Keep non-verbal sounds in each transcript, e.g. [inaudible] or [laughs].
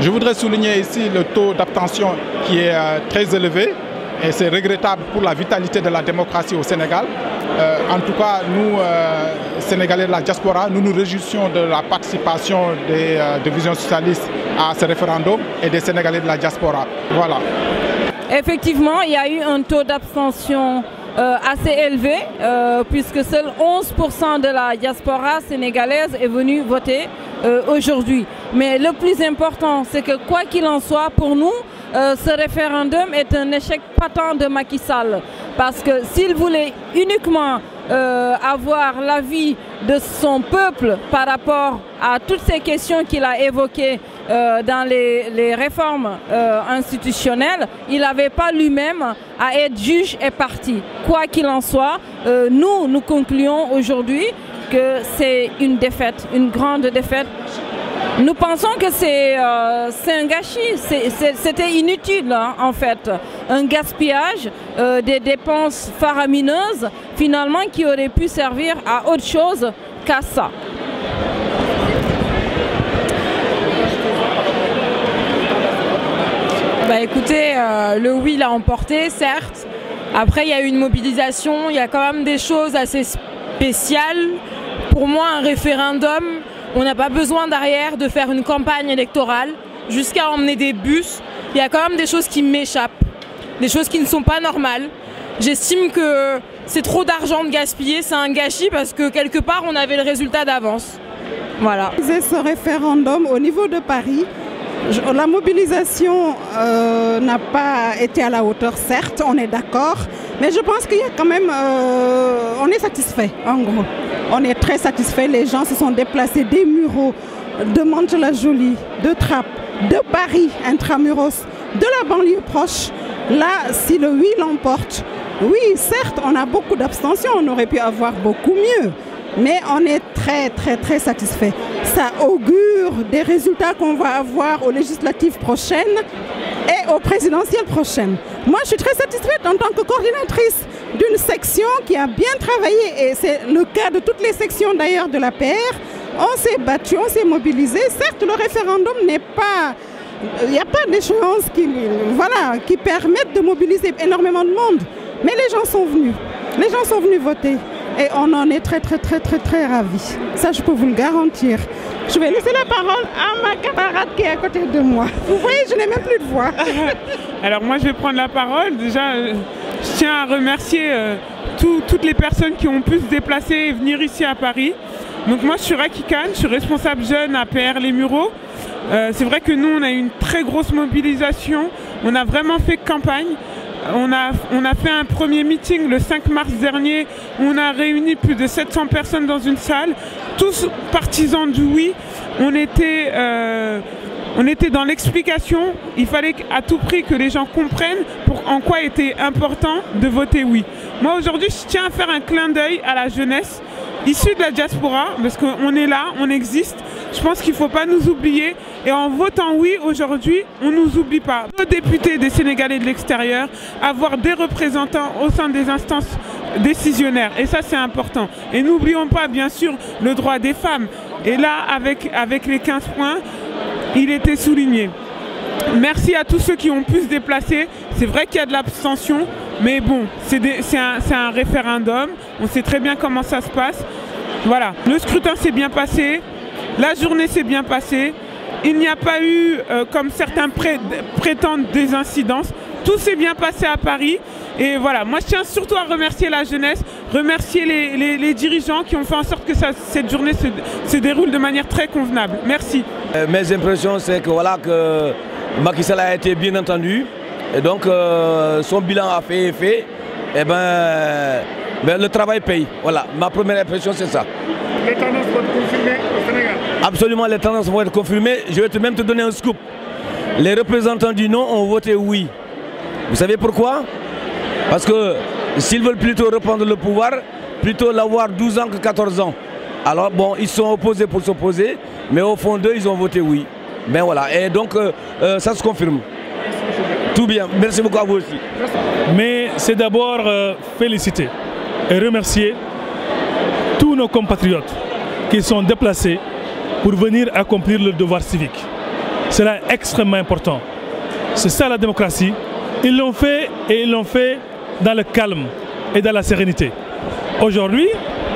Je voudrais souligner ici le taux d'abstention qui est euh, très élevé et c'est regrettable pour la vitalité de la démocratie au Sénégal. Euh, en tout cas, nous, euh, Sénégalais de la diaspora, nous nous réjouissons de la participation des divisions socialistes à ce référendum et des Sénégalais de la diaspora. Voilà. Effectivement, il y a eu un taux d'abstention euh, assez élevé, euh, puisque seul 11% de la diaspora sénégalaise est venue voter euh, aujourd'hui. Mais le plus important, c'est que quoi qu'il en soit, pour nous, ce référendum est un échec patent de Macky Sall, parce que s'il voulait uniquement avoir l'avis de son peuple par rapport à toutes ces questions qu'il a évoquées, euh, dans les, réformes euh, institutionnelles, il n'avait pas lui-même à être juge et parti. Quoi qu'il en soit, euh, nous, nous concluons aujourd'hui que c'est une défaite, une grande défaite. Nous pensons que c'est un gâchis, c'était inutile hein, en fait, un gaspillage des dépenses faramineuses finalement qui auraient pu servir à autre chose qu'à ça. Bah écoutez, euh, le oui l'a emporté, certes. Après, il y a eu une mobilisation, il y a quand même des choses assez spéciales. Pour moi, un référendum, on n'a pas besoin derrière de faire une campagne électorale jusqu'à emmener des bus. Il y a quand même des choses qui m'échappent, des choses qui ne sont pas normales. J'estime que c'est trop d'argent de gaspiller, c'est un gâchis parce que quelque part on avait le résultat d'avance. Voilà. Ce référendum au niveau de Paris, la mobilisation euh, n'a pas été à la hauteur, certes, on est d'accord, mais je pense qu'il y a quand même... Euh, on est satisfait, en gros. On est très satisfait, les gens se sont déplacés des Mureaux, de Mantes-la-Jolie, de Trappes, de Paris, intramuros, de la banlieue proche. Là, si le oui l'emporte, oui, certes, on a beaucoup d'abstention, on aurait pu avoir beaucoup mieux. Mais on est très, très, très satisfait. Ça augure des résultats qu'on va avoir aux législatives prochaines et aux présidentielles prochaines. Moi, je suis très satisfaite en tant que coordinatrice d'une section qui a bien travaillé, et c'est le cas de toutes les sections d'ailleurs de la PR. On s'est battu, on s'est mobilisé. Certes, le référendum n'est pas il n'y a pas d'échéance qui, voilà, qui permette de mobiliser énormément de monde. Mais les gens sont venus. Les gens sont venus voter. Et on en est très très très très très ravis. Ça, je peux vous le garantir. Je vais laisser la parole à ma camarade qui est à côté de moi. Vous voyez, je n'ai même plus de voix. [laughs] Alors moi, je vais prendre la parole. Déjà, euh, je tiens à remercier euh, toutes les personnes qui ont pu se déplacer et venir ici à Paris. Donc moi, je suis Raki je suis responsable jeune à PR Les Mureaux. Euh, c'est vrai que nous, on a eu une très grosse mobilisation. On a vraiment fait campagne. On a, fait un premier meeting le 5 mars dernier. On a réuni plus de 700 personnes dans une salle, tous partisans du oui. On était, euh, on était dans l'explication. Il fallait à tout prix que les gens comprennent pour en quoi était important de voter oui. Moi aujourd'hui, je tiens à faire un clin d'œil à la jeunesse issue de la diaspora, parce qu'on est là, on existe. Je pense qu'il ne faut pas nous oublier. Et en votant oui aujourd'hui, on ne nous oublie pas. Nos députés des Sénégalais de l'extérieur, avoir des représentants au sein des instances décisionnaires. Et ça, c'est important. Et n'oublions pas, bien sûr, le droit des femmes. Et là, avec, avec les 15 points, il était souligné. Merci à tous ceux qui ont pu se déplacer. C'est vrai qu'il y a de l'abstention, mais bon, c'est un, un référendum. On sait très bien comment ça se passe. Voilà, le scrutin s'est bien passé. La journée s'est bien passée. Il n'y a pas eu, euh, comme certains prétendent, des incidences. Tout s'est bien passé à Paris. Et voilà, moi je tiens surtout à remercier la jeunesse, remercier les, dirigeants qui ont fait en sorte que cette journée se, déroule de manière très convenable. Merci. Euh, mes impressions, c'est que voilà que Macky Sall a été bien entendu. Et donc euh, son bilan a fait effet. Et eh bien, ben, le travail paye. Voilà, ma première impression c'est ça. Absolument, les tendances vont être confirmées. Je vais même te donner un scoop. Les représentants du non ont voté oui. Vous savez pourquoi Parce que s'ils veulent plutôt reprendre le pouvoir, plutôt l'avoir 12 ans que 14 ans. Alors bon, ils sont opposés pour s'opposer, mais au fond d'eux, ils ont voté oui. Mais ben voilà, et donc euh, euh, ça se confirme. Tout bien, merci beaucoup à vous aussi. Mais c'est d'abord euh, féliciter et remercier tous nos compatriotes qui sont déplacés pour venir accomplir le devoir civique. C'est est extrêmement important. C'est ça la démocratie. Ils l'ont fait et ils l'ont fait dans le calme et dans la sérénité. Aujourd'hui,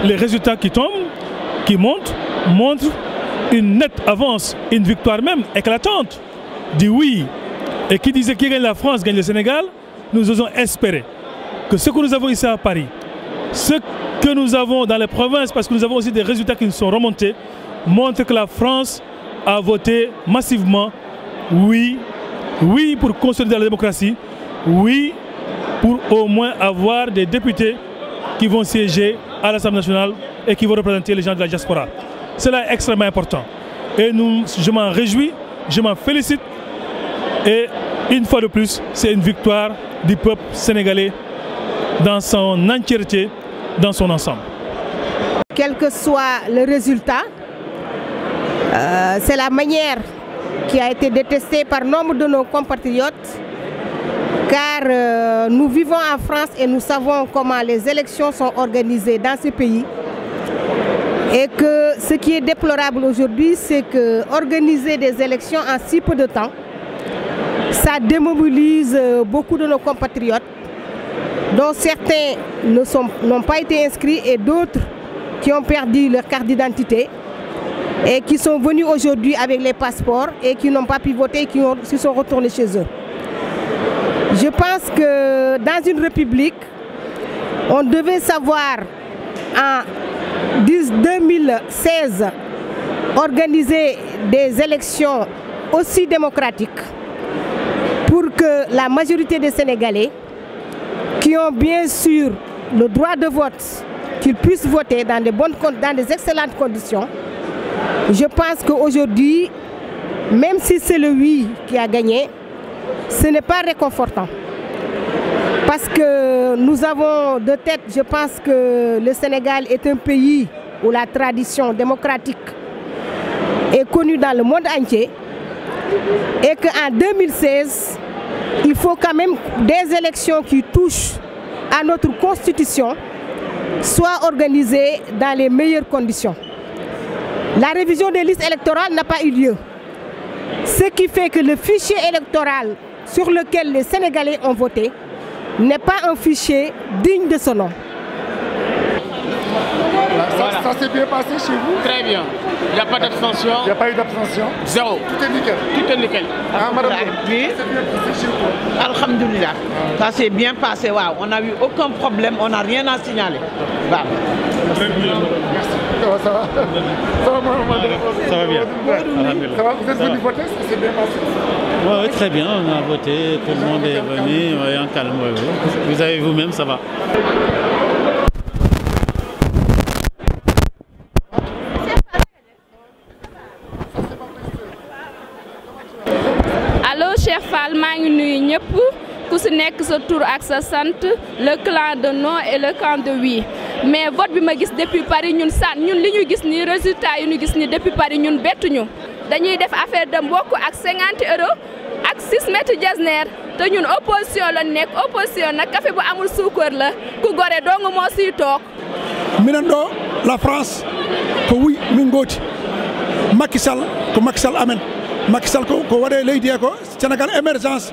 les résultats qui tombent, qui montent, montrent une nette avance, une victoire même éclatante du oui. Et qui disait qu'il gagne la France, gagne le Sénégal, nous osons espérer que ce que nous avons ici à Paris, ce que nous avons dans les provinces, parce que nous avons aussi des résultats qui nous sont remontés, montre que la France a voté massivement oui, oui pour consolider la démocratie, oui pour au moins avoir des députés qui vont siéger à l'Assemblée nationale et qui vont représenter les gens de la diaspora. Cela est extrêmement important. Et nous, je m'en réjouis, je m'en félicite. Et une fois de plus, c'est une victoire du peuple sénégalais dans son entièreté, dans son ensemble. Quel que soit le résultat, euh, c'est la manière qui a été détestée par nombre de nos compatriotes, car euh, nous vivons en France et nous savons comment les élections sont organisées dans ce pays. Et que ce qui est déplorable aujourd'hui, c'est que organiser des élections en si peu de temps, ça démobilise euh, beaucoup de nos compatriotes, dont certains n'ont pas été inscrits et d'autres qui ont perdu leur carte d'identité et qui sont venus aujourd'hui avec les passeports et qui n'ont pas pu voter et qui se sont retournés chez eux. Je pense que dans une république, on devait savoir en 2016 organiser des élections aussi démocratiques pour que la majorité des Sénégalais qui ont bien sûr le droit de vote, qu'ils puissent voter dans des bonnes, dans des excellentes conditions, je pense qu'aujourd'hui, même si c'est le oui qui a gagné, ce n'est pas réconfortant. Parce que nous avons de tête, je pense que le Sénégal est un pays où la tradition démocratique est connue dans le monde entier et qu'en 2016, il faut quand même des élections qui touchent à notre constitution soient organisées dans les meilleures conditions. La révision des listes électorales n'a pas eu lieu. Ce qui fait que le fichier électoral sur lequel les Sénégalais ont voté n'est pas un fichier digne de ce nom ça s'est bien passé chez vous Très bien. Il n'y a pas d'abstention. Il n'y a pas eu d'abstention Zéro. Tout est nickel. Tout est nickel. Ah, madame, ah, ça s'est bien passé chez vous Alhamdulillah. Ah. Ça s'est bien passé, waouh. On n'a eu aucun problème, on n'a rien à signaler. Très bien. Merci. ça va Ça va, Ça va bien. Ça va, vous êtes venu voter Ça s'est bien passé oui, très bien, on a voté, tout le monde est venu, en calme. Vous avez vous-même, ça va. ñëpp ku ci nekk sa tour ak sa sante le clan de non et le clan de oui mais vote bi ma gis depuis Paris ñun san ñun li ñu gis ni résultat yu ñu gis ni depuis Paris ñun ñu dañuy def affaire de mbokk ak 50 euros ak 6 mètres jazner te ñun opposition la nekk opposition nak café bu amul soukour la ku do dong mo ci tok. minando la France ko wi min goti makissal ko makissal amen makissal ko ko wadé lay he ko Sénégal émergence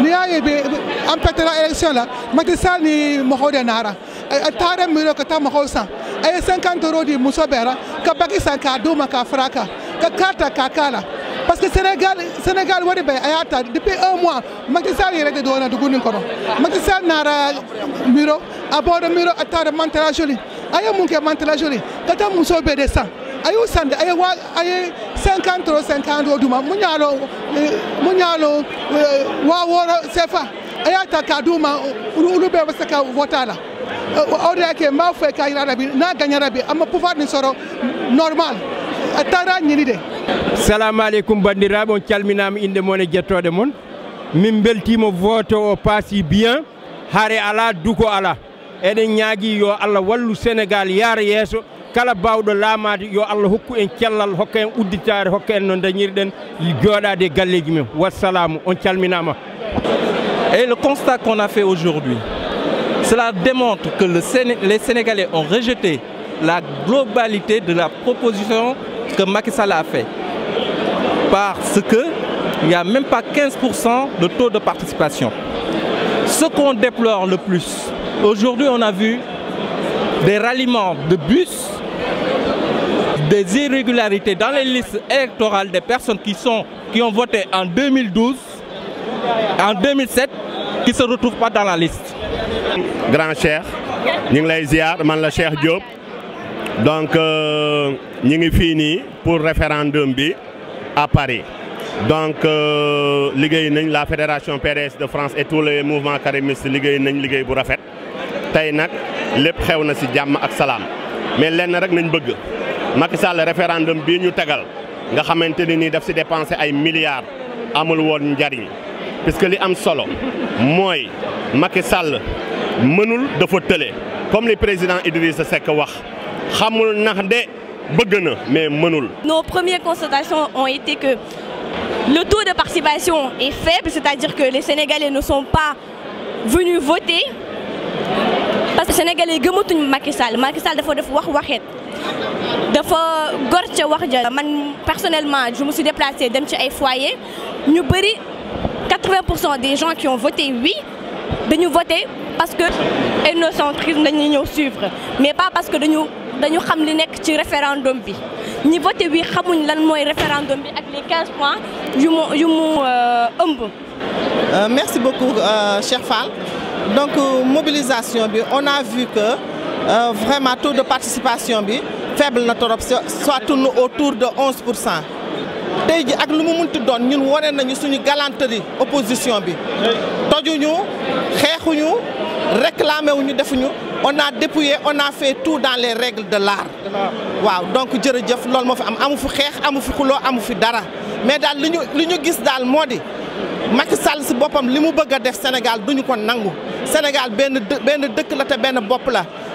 niyaye an petera election la mati sal ni mɔgɔw de nara a taara miiri ka taa mɔgɔw san a ye 50 euros di muso bɛɛ ra ka baki san k'a d'u ma k'a fara kan ka carte k'a k'a la parce que sénégal sénégal wari bɛɛ a y'a ta depuis un mois mati sall yɛrɛ de dɔgɔna dugu nin kɔnɔ mati sal nara miro a bɔra miro a taara mantela joli a ye mun kɛ mantela joli ka taa muso bɛɛ de san ayo sande aye wa aye 50 euro 50 euro duma munyalo munyalo wa woro sefa aya ka duma ulu be basaka votala o de yake m'a fɛ k'a yira rabi n'a gagnera bi an ma pouvoir nin sɔrɔ normal a taara ɲini de salamu aleykum bandiraɓe on calminama inde moon e jettode moon min beltima vote o paasi bien haare ala duko ala eɗen ñaagui yo allah wallu sénégal yaara yesso Et le constat qu'on a fait aujourd'hui, cela démontre que les Sénégalais ont rejeté la globalité de la proposition que Macky Sall a fait. Parce que il n'y a même pas 15% de taux de participation. Ce qu'on déplore le plus, aujourd'hui on a vu des ralliements de bus des irrégularités dans les listes électorales des personnes qui, sont, qui ont voté en 2012, en 2007, qui ne se retrouvent pas dans la liste. Grand cher, nous sommes lay ziar man la Cheikh Diop donc euh, ñu nous sommes pour référendum à Paris donc euh, la fédération PDS de France et tous les mouvements karimistes nous nañ liggéey bu rafet Aujourd'hui, nag lépp xew na ci jàmm ak salaam mais lenn rek nañ bëgg. Macky Sall référendum de ñu tégal nga xamante ni que daf ci dépenser ay milliards amul woon parce puisque li am solo moy Macky Sall mënul dafa télé comme le président Idriss Seck wax xamul nax dé bëgg mais mënul. Nos premières constatations ont été que le taux de participation est faible, c'est-à-dire que les Sénégalais ne sont pas venus voter parce que les Sénégalais gëmatuñu Macky Sall Macky Sall dafa def wax waxeet dafa man personnellement je me suis déplacée dem ci ay foyer ñu 80 des gens qui ont voté oui dañu voté parce que ethnocentrisme de ñeu suivre mais pas parce que dañu dañu xam li nek ci référendum bi ñi voté oui xamuñ lan un référendum avec les 15 points euh, euh, merci beaucoup euh, cher Fall donc euh, mobilisation on a vu que euh, vraiment taux de participation bi faible na trop soit tourne autour de 11 pour ji ak lu mu munti doon ñun woné nañu suñu galanterie opposition bi tojuñu xeexuñu réclamer wuñu defuñu on a dépouillé on a fait tout dans les règles de l'art waaw donc jërëjëf loolu mo fi am amu fi xeex amu fi xulo amu fi dara mais dal liñu liñu gis dal modi Macky Sall ci bopam limu bëgg def Sénégal duñu ko nangu Sénégal ben ben dëkk la té ben bop la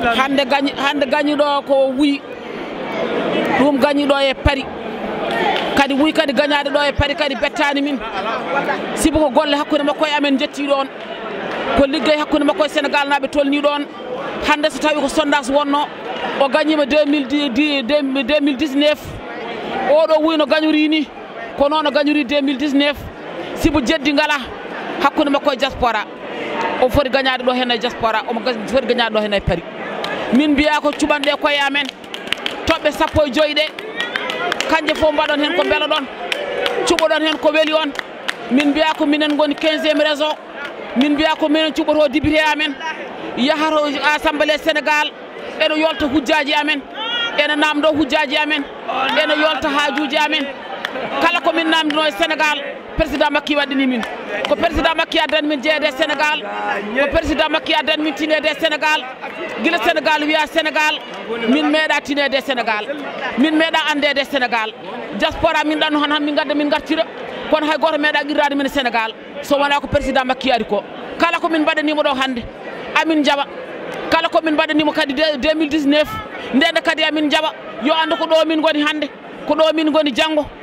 hande gañ hande gañuɗo ko wuyi ɗum gañuɗo e pari kadi wuyi kadi gañade ɗo e pari kadi bettani min sibu ko golle hakkude makko e amen jetti ɗon ko liggey hakkude makko e sénégal naɓe tolni ɗon hande so tawi ko sondage wonno o gañima 2019 oɗo wuyi no gañori ni ko noon no gañori 2019 sibu jeddi ngala hakkude makko e diaspora o foti gañade ɗo hen e diaspora omo foti gañade ɗo hen e pari min mbiya ko cuɓanɗe koye amen toɓɓe sappo e joyyi ɗe kanje fof mbaɗon hen ko beeloɗon cuɓoɗon hen ko weeli on min mbiya ko minen goni 15 réseau min mbiya ko minen cuɓoto dibité amen yahato assemblé sénégal ene yolta hujjaji amen ene namdo hujjaji amen ene yolta haajuji amen kala komin namdino e sénégal président makki waɗini min ko président makki addani min jeeyede sénégal ko président makki addani min tinede e sénégal guila sénégal wiya sénégal min meeɗa tinede e sénégal min meeɗa andede e sénégal diaspora min ɗanno han han min gadda min gartira kono hay goto meeɗa qirrade min sénégal so wona ko président makki ari ko kala komin mbaɗanimo ɗo hande amin jaaɓa kala komin mbaɗanimo kadi 2019 ndende kadi amin jaaɓa yo anda ko ɗo min goni hande ko ɗo min goni janggo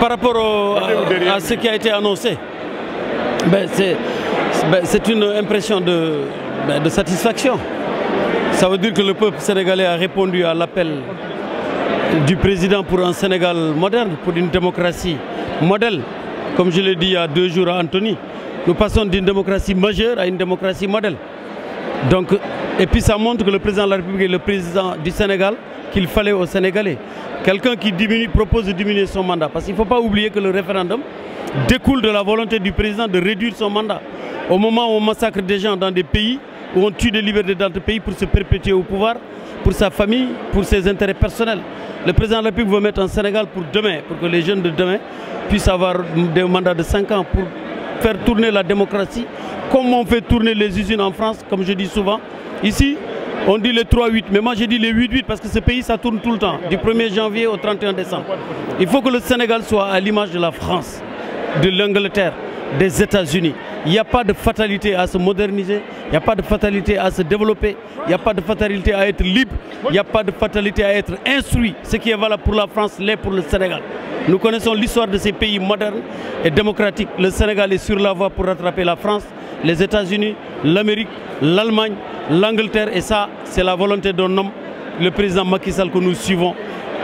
Par rapport à, ce qui a été annoncé, ben c'est ben, une impression ben, de, satisfaction. Ça veut dire que le peuple sénégalais a répondu à l'appel du président pour un Sénégal moderne, pour une démocratie modèle. Comme je l'ai dit il y a deux jours à Anthony, nous passons d'une démocratie majeure à une démocratie modèle. Donc, et puis ça montre que le président de la République le président du Sénégal qu'il fallait aux Sénégalais. Quelqu'un qui diminue, propose de diminuer son mandat. Parce qu'il ne faut pas oublier que le référendum découle de la volonté du président de réduire son mandat. Au moment où on massacre des gens dans des pays, où on tue des libertés dans des pays pour se perpétuer au pouvoir, pour sa famille, pour ses intérêts personnels. Le président de la République veut mettre en Sénégal pour demain, pour que les jeunes de demain puissent avoir des mandats de 5 ans pour faire tourner la démocratie, comme on fait tourner les usines en France, comme je dis souvent. Ici, on dit le 3-8, mais moi j'ai dit le 8-8 parce que ce pays ça tourne tout le temps, du 1er janvier au 31 décembre. Il faut que le Sénégal soit à l'image de la France, de l'Angleterre, des États-Unis. Il n'y a pas de fatalité à se moderniser, il n'y a pas de fatalité à se développer, il n'y a pas de fatalité à être libre, il n'y a pas de fatalité à être instruit. Ce qui est valable pour la France l'est pour le Sénégal. Nous connaissons l'histoire de ces pays modernes et démocratiques. Le Sénégal est sur la voie pour rattraper la France les États-Unis, l'Amérique, l'Allemagne, l'Angleterre. Et ça, c'est la volonté d'un homme, le président Macky Sall, que nous suivons.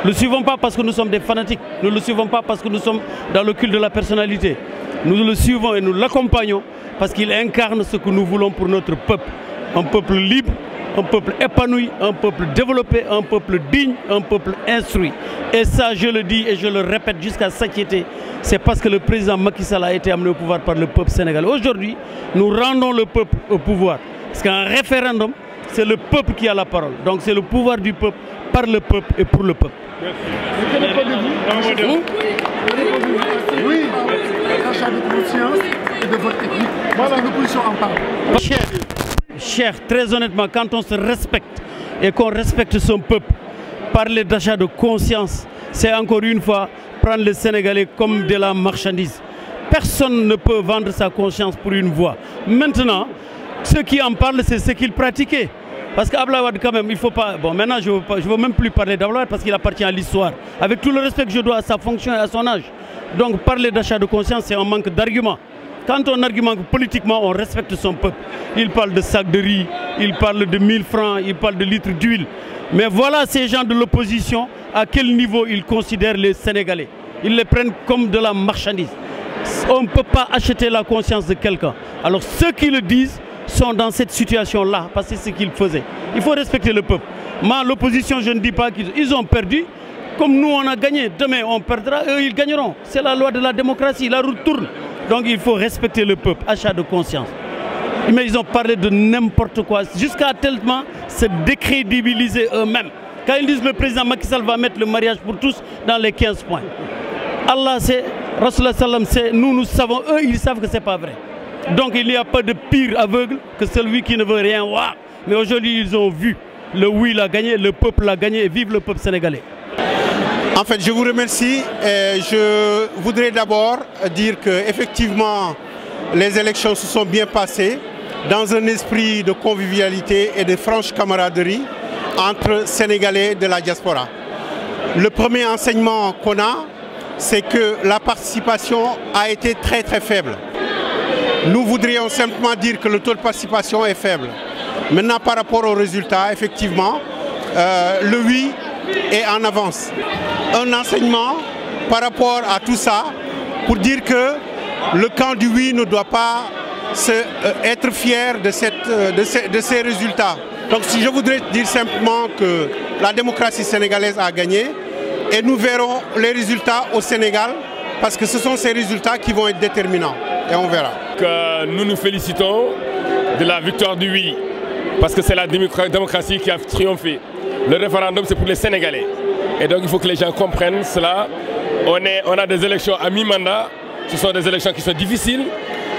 Nous ne le suivons pas parce que nous sommes des fanatiques. Nous ne le suivons pas parce que nous sommes dans le culte de la personnalité. Nous le suivons et nous l'accompagnons parce qu'il incarne ce que nous voulons pour notre peuple. Un peuple libre, un peuple épanoui, un peuple développé, un peuple digne, un peuple instruit. Et ça, je le dis et je le répète jusqu'à s'inquiéter, c'est parce que le président Macky Sall a été amené au pouvoir par le peuple sénégalais. Aujourd'hui, nous rendons le peuple au pouvoir. Parce qu'un référendum, c'est le peuple qui a la parole. Donc c'est le pouvoir du peuple, par le peuple et pour le peuple. Merci. Oui, de votre cher, très honnêtement, quand on se respecte et qu'on respecte son peuple, parler d'achat de conscience, c'est encore une fois prendre les Sénégalais comme de la marchandise. Personne ne peut vendre sa conscience pour une voix. Maintenant, ceux qui en parlent, c'est ce qu'il pratiquaient. Parce qu'Ablawad, quand même, il ne faut pas. Bon, maintenant, je ne veux, même plus parler d'Ablawad parce qu'il appartient à l'histoire. Avec tout le respect que je dois à sa fonction et à son âge. Donc, parler d'achat de conscience, c'est un manque d'arguments. Quand on argumente politiquement, on respecte son peuple. Il parle de sacs de riz, il parle de 1000 francs, il parle de litres d'huile. Mais voilà ces gens de l'opposition, à quel niveau ils considèrent les Sénégalais. Ils les prennent comme de la marchandise. On ne peut pas acheter la conscience de quelqu'un. Alors ceux qui le disent sont dans cette situation-là, parce que c'est ce qu'ils faisaient. Il faut respecter le peuple. Moi, l'opposition, je ne dis pas qu'ils ont perdu, comme nous on a gagné, demain on perdra, eux ils gagneront. C'est la loi de la démocratie, la route tourne. Donc il faut respecter le peuple, achat de conscience. Mais ils ont parlé de n'importe quoi, jusqu'à tellement se décrédibiliser eux-mêmes. Quand ils disent le président Macky Sall va mettre le mariage pour tous dans les 15 points. Allah sait, Rasulallah sallam sait, nous nous savons, eux ils savent que ce n'est pas vrai. Donc il n'y a pas de pire aveugle que celui qui ne veut rien voir. Mais aujourd'hui ils ont vu, le oui l'a gagné, le peuple l'a gagné, vive le peuple sénégalais. En fait, je vous remercie. Et je voudrais d'abord dire qu'effectivement, les élections se sont bien passées dans un esprit de convivialité et de franche camaraderie entre Sénégalais de la diaspora. Le premier enseignement qu'on a, c'est que la participation a été très très faible. Nous voudrions simplement dire que le taux de participation est faible. Maintenant, par rapport aux résultats, effectivement, euh, le oui et en avance. Un enseignement par rapport à tout ça pour dire que le camp du oui ne doit pas euh, être fier de, ses euh, résultats. Donc si je voudrais dire simplement que la démocratie sénégalaise a gagné et nous verrons les résultats au Sénégal parce que ce sont ces résultats qui vont être déterminants et on verra. Euh, nous nous félicitons de la victoire du oui parce que c'est la démocratie qui a triomphé. Le référendum, c'est pour les Sénégalais. Et donc, il faut que les gens comprennent cela. On, a des élections à mi-mandat. Ce sont des élections qui sont difficiles.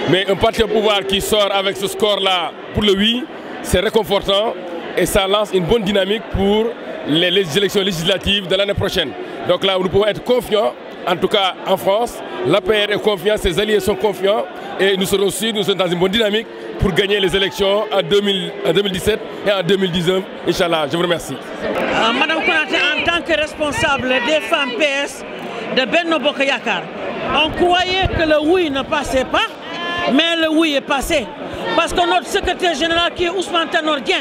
Mais un parti au pouvoir qui sort avec ce score-là pour le oui, c'est réconfortant et ça lance une bonne dynamique pour les élections législatives de l'année prochaine. Donc là, nous pouvons être confiants en tout cas, en France, la l'APR est confiante, ses alliés sont confiants et nous serons aussi nous sommes dans une bonne dynamique pour gagner les élections en, 2017 et en 2019. Inch'Allah, je vous remercie. Euh, Madame Konaté, en tant que responsable des femmes PS de Benno Bokayakar, on croyait que le oui ne passait pas, mais le oui est passé. Parce que notre secrétaire général qui est Ousmane Tanordien,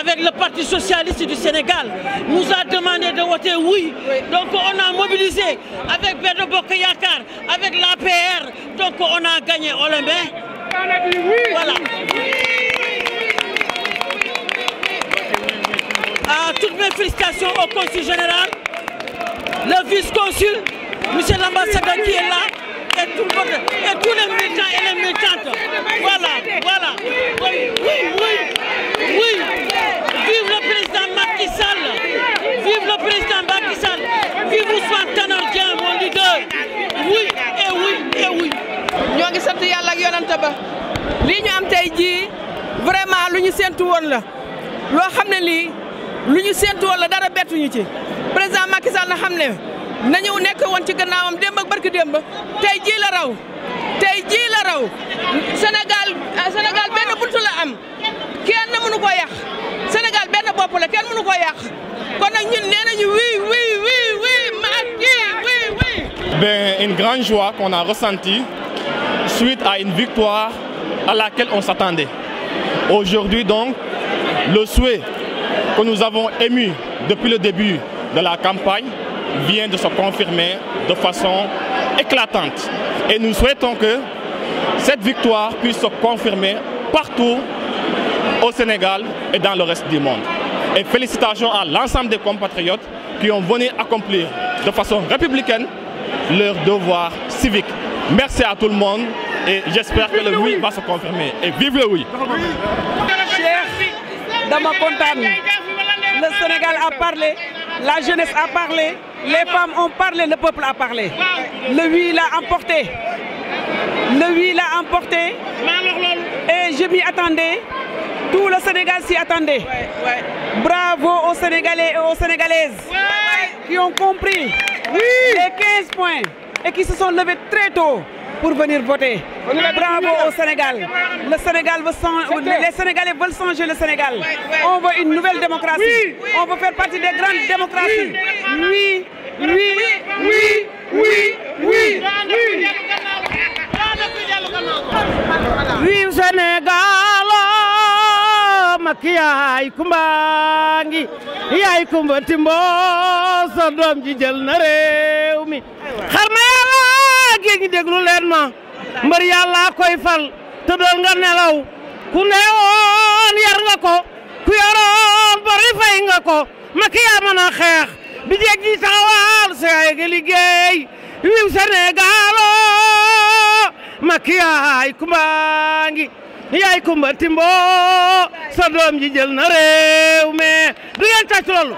avec le Parti Socialiste du Sénégal, nous a demandé de voter oui. Donc on a mobilisé avec Bédo Bokeyakar, avec l'APR, donc on a gagné Olympe. Voilà. toutes mes félicitations au consul général, le vice-consul, monsieur l'ambassadeur qui est là, et, tout le monde, et tous les militants et les militants. ne lii lu ñu séentu wala dara bettuñu ci président Macky Sall na xam nañu nekk won ci gannaawam démb ak barki demb tay jii la raw tay jii la raw Sénégal euh, Sénégal ben buntu la am kenn mënu ko yax Sénégal ben bop la kenn mënu ko yax kon nak ñun nee wi oui oui oui oui Macky oui oui. Ben une grande joie qu'on a ressentie suite à une victoire à laquelle on s'attendait. Aujourd'hui donc, le souhait que nous avons ému depuis le début de la campagne vient de se confirmer de façon éclatante. Et nous souhaitons que cette victoire puisse se confirmer partout au Sénégal et dans le reste du monde. Et félicitations à l'ensemble des compatriotes qui ont venu accomplir de façon républicaine leur devoir civique. Merci à tout le monde et j'espère que le oui, va se confirmer. Et vive le oui. oui le Sénégal a parlé, la jeunesse a parlé, les femmes ont parlé, le peuple a parlé. Le oui l'a emporté. Le oui l'a emporté. Et je m'y attendais. Tout le Sénégal s'y attendait. Bravo aux Sénégalais et aux Sénégalaises qui ont compris les 15 points et qui se sont levés très tôt pour venir voter. Bravo au Sénégal. Le Les Sénégalais veulent changer le Sénégal. On veut une nouvelle démocratie. On veut faire partie des grandes démocraties. Oui, oui, oui, oui, oui. Oui, Sénégal, léegi déglu leen ma mbër yàlla koy fal tëddal nga nelaw ku neewoon yar nga ko ku yoroon bori fay nga ko maki yaa mën a xeex bi jeeg ji taxawal seey nga liggéey wiw Sénégalo oh, maki yaay kumba ngi yaay kumba timbo sa doom ji na réew mais du ngeen tàcc loolu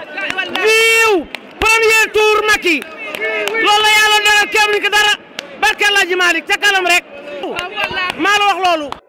wiiw premier tour maki loolu la yàlla dara kéem Alaaji Malick ca kanam rek maa la wax loolu